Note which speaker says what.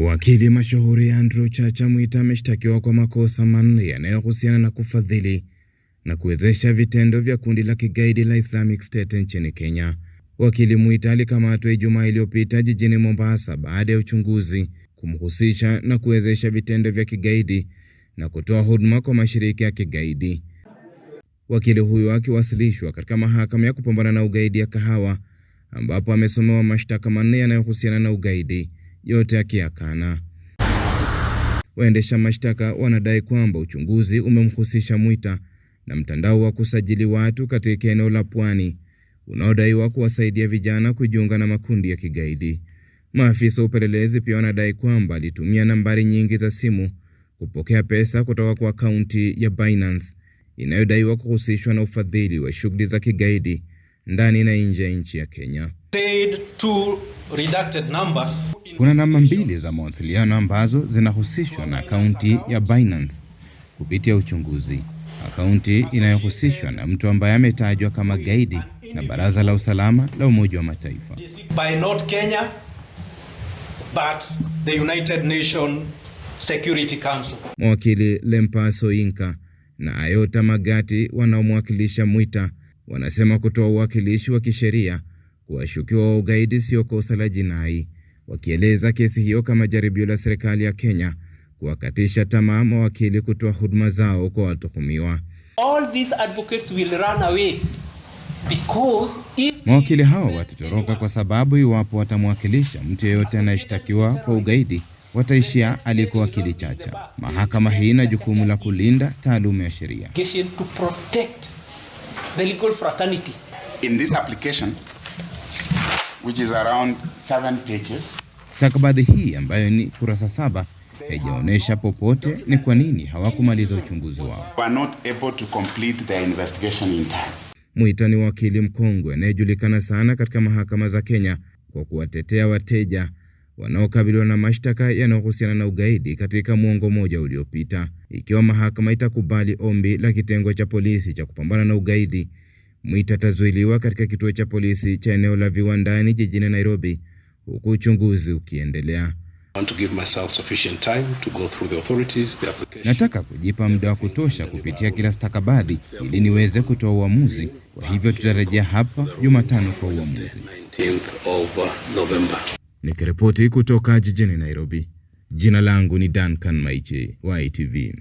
Speaker 1: Wakili mashuhuri Andrew Chacha Mwita ameshtakiwa kwa makosa manne yanayohusiana na kufadhili na kuwezesha vitendo vya kundi la kigaidi la Islamic State nchini Kenya. Wakili Mwita alikamatwa Ijumaa iliyopita jijini Mombasa baada ya uchunguzi kumhusisha na kuwezesha vitendo vya kigaidi na kutoa huduma kwa mashirika ya kigaidi. Wakili huyo akiwasilishwa katika mahakama ya kupambana na ugaidi ya Kahawa ambapo amesomewa mashtaka manne yanayohusiana na ugaidi yote akiyakana. Waendesha mashtaka wanadai kwamba uchunguzi umemhusisha Mwita na mtandao wa kusajili watu katika eneo la Pwani unaodaiwa kuwasaidia vijana kujiunga na makundi ya kigaidi. Maafisa upelelezi pia wanadai kwamba alitumia nambari nyingi za simu kupokea pesa kutoka kwa akaunti ya Binance inayodaiwa kuhusishwa na ufadhili wa shughuli za kigaidi ndani na nje ya nchi ya Kenya. Kuna namba mbili za mawasiliano ambazo zinahusishwa na akaunti ya Binance kupitia uchunguzi, akaunti inayohusishwa na mtu ambaye ametajwa kama gaidi na Baraza la Usalama la Umoja wa Mataifa. Mwakili Lempaso Inka na Ayota Magati wanaomwakilisha Mwita wanasema kutoa uwakilishi wa kisheria kuwashukiwa wa ugaidi sio kosa la jinai, wakieleza kesi hiyo kama jaribio la serikali ya Kenya kuwakatisha tamaa mawakili kutoa huduma zao kwa watuhumiwa. Mawakili hao watatoroka kwa sababu iwapo watamwakilisha mtu yeyote anayeshtakiwa kwa ugaidi wataishia alikuwakili Chacha. Mahakama hii ina jukumu la kulinda taaluma ya sheria
Speaker 2: the legal fraternity. In this application, which is around seven pages,
Speaker 1: stakabadhi hii ambayo ni kurasa saba haijaonesha popote ni kwa nini hawakumaliza uchunguzi wao.
Speaker 2: We are not able to complete the investigation in time.
Speaker 1: Mwita ni wakili mkongwe anayejulikana sana katika mahakama za Kenya kwa kuwatetea wateja wanaokabiliwa na mashtaka yanayohusiana na ugaidi katika muongo mmoja uliopita. Ikiwa mahakama itakubali ombi la kitengo cha polisi cha kupambana na ugaidi, Mwita atazuiliwa katika kituo cha polisi cha eneo la Viwandani jijini Nairobi, huku uchunguzi ukiendelea. Nataka kujipa muda wa kutosha kupitia kila stakabadhi ili niweze kutoa uamuzi. Kwa hivyo tutarejea hapa Jumatano kwa uamuzi. Nikiripoti kutoka jijini Nairobi, jina langu ni Duncan Maiche wa ITV.